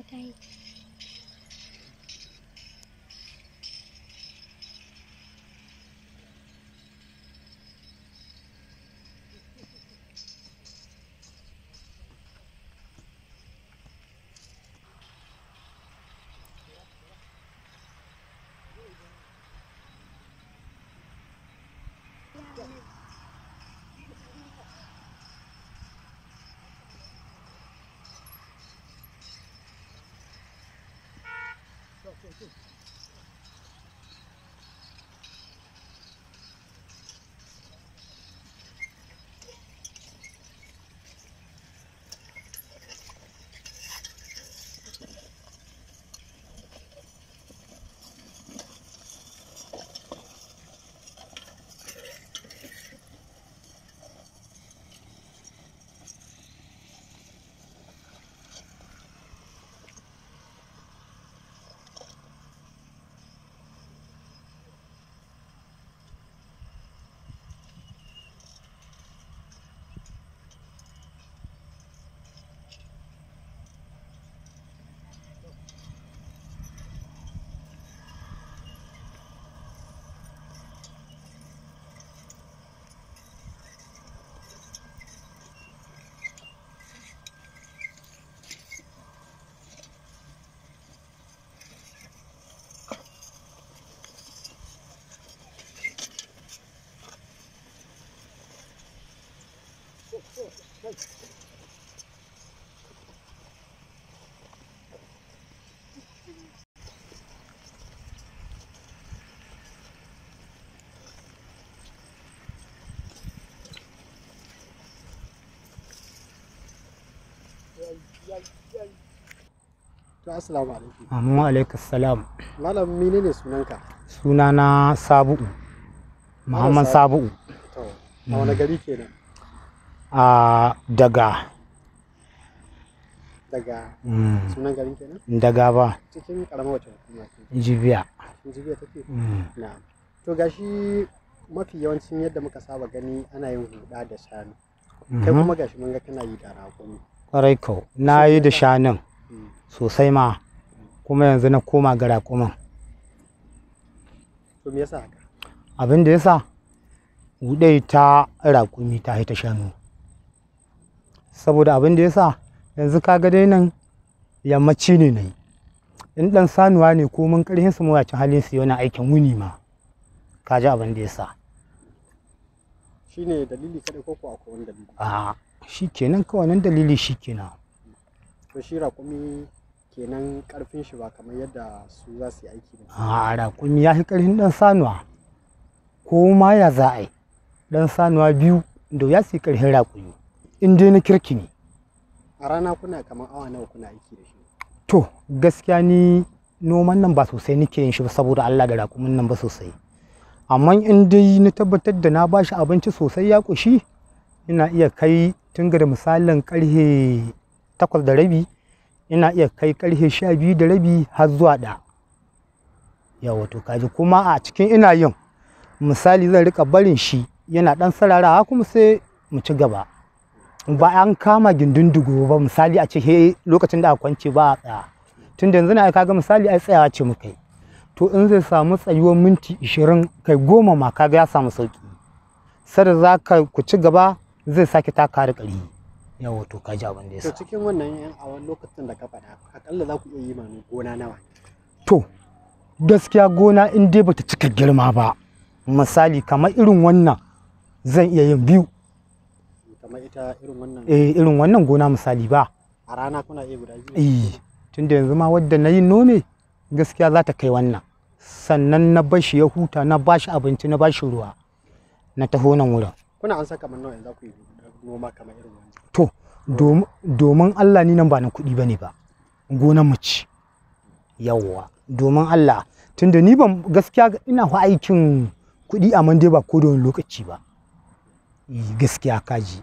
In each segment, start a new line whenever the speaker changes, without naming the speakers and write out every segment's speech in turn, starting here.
一只。Good. Assalamu alaikum. Amma alaikum salam. Malam menene sunanka? Sunana Sabu'u. Muhammad Sabu'u. To, a wani gari kenan? a daga daga mm. sunan garin kenan daga ba cikin karamar wacce hukuma ke jibiya jibiya take mm. na to gashi mafi yawancin yadda muka saba gani ana yin huda da shanu kai mm-hmm. kuma gashi mun ga kana yi da raƙumi kwarai kau na yi da shanun mm. sosai ma kuma yanzu na koma ga raƙumin to me yasa haka abin da yasa huɗe ta raƙumi ta haita shanu saboda abin da ya sa yanzu ka ga dai nan yammaci ne nai in ɗan sanuwa ne ko mun ƙarhin su mawacin halin su yana aikin wuni ma ka ji abin da ya sa shine dalili kaɗai ko ko akwai wani dalili a shi kenan kawai nan dalili shi kenan to shi rakumi kenan ƙarfin shi ba kamar yadda su za su yi aiki ba a rakumi ya fi ƙarfin ɗan sanuwa ko ma ya za a yi ɗan sanuwa biyu da ya su yi ƙarfin raƙumi in dai na kirki ne a rana kuna kamar awa nawa kuna aiki da shi to gaskiya ni noman nan ba sosai nake yin shi saboda Allah da rakumin nan ba sosai amma in dai na tabbatar da na bashi abinci sosai ya kushi ina iya kai tun da misalin karhe takwas da rabi ina iya kai karhe sha biyu da rabi har zuwa da yawa to kaji kuma a cikin ina yin misali zan rika barin shi yana dan sararawa kuma sai mu ci gaba ba an kama gindin dugu ba misali a ce he lokacin da a kwance ba a tsaya tun da yanzu na ga misali ai tsayawa ce mu kai to in zai samu tsayuwar minti 20 kai goma ma kaga ya samu sauki sada za ka ku ci gaba zai sake taka da ƙari yawa to ka ji abin da ya sa cikin wannan yan wannan lokacin da ka faɗa akalla za ku iya yi mani gona nawa to gaskiya gona in dai bata cika girma ba misali kamar irin wannan zan iya yin biyu kamar ita irin wannan eh irin wannan gona misali ba a rana kuna iya guda biyu eh tunda yanzu ma wadda na yi nome gaskiya za ta kai wannan sannan na bashi ya huta na bashi abinci na bashi ruwa na taho nan wurin kuna an saka nawa yanzu ku yi noma kamar irin wannan to domin Allah ni nan ba na kuɗi bane ba gonan mu ci yawwa domin Allah tunda ni ban gaskiya ina fa aikin kuɗi a dai ba ko da wani lokaci ba eh, gaskiya kaji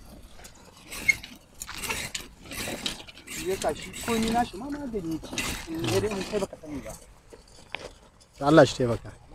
je ka shi ko ni na shi ma magani ce eh, in kai baka sani ba Allah shi taimaka